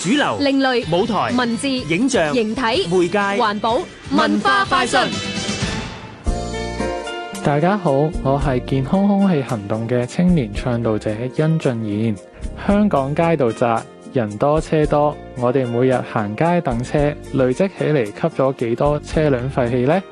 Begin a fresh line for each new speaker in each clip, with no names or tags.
主流、另類舞台、文字、影像、形體、媒介、環保、文化、快訊。大家好，我係健康空氣行動嘅青年倡導者殷俊賢。香港街道窄，人多車多，我哋每日行街等車，累積起嚟吸咗幾多車輛廢氣呢？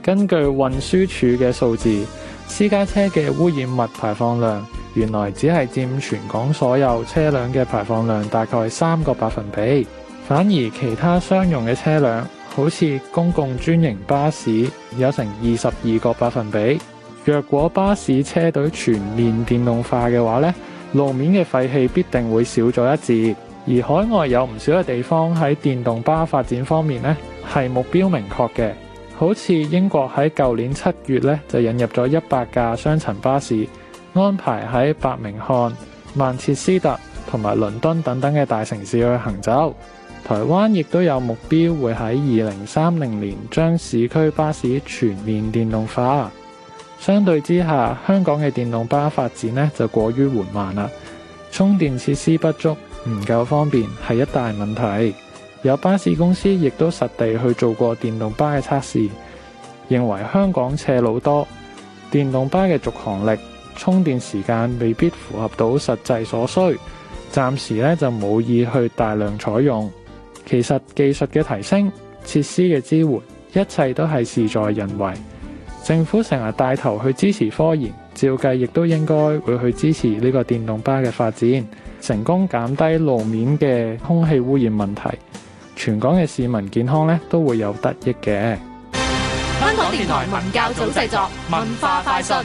根據運輸署嘅數字，私家車嘅污染物排放量。原來只係佔全港所有車輛嘅排放量大概三個百分比，反而其他商用嘅車輛，好似公共專營巴士，有成二十二個百分比。若果巴士車隊全面電動化嘅話呢，路面嘅廢氣必定會少咗一截。而海外有唔少嘅地方，喺電動巴發展方面呢，係目標明確嘅，好似英國喺舊年七月咧就引入咗一百架雙層巴士。安排喺伯明翰、曼徹斯特同埋倫敦等等嘅大城市去行走。台灣亦都有目標，會喺二零三零年將市區巴士全面電動化。相對之下，香港嘅電動巴發展呢就過於緩慢啦。充電設施不足，唔夠方便係一大問題。有巴士公司亦都實地去做過電動巴嘅測試，認為香港斜路多，電動巴嘅續航力。充電時間未必符合到實際所需，暫時咧就冇意去大量採用。其實技術嘅提升、設施嘅支援，一切都係事在人為。政府成日帶頭去支持科研，照計亦都應該會去支持呢個電動巴嘅發展，成功減低路面嘅空氣污染問題，全港嘅市民健康咧都會有得益嘅。香港電台文教組製作文化快訊。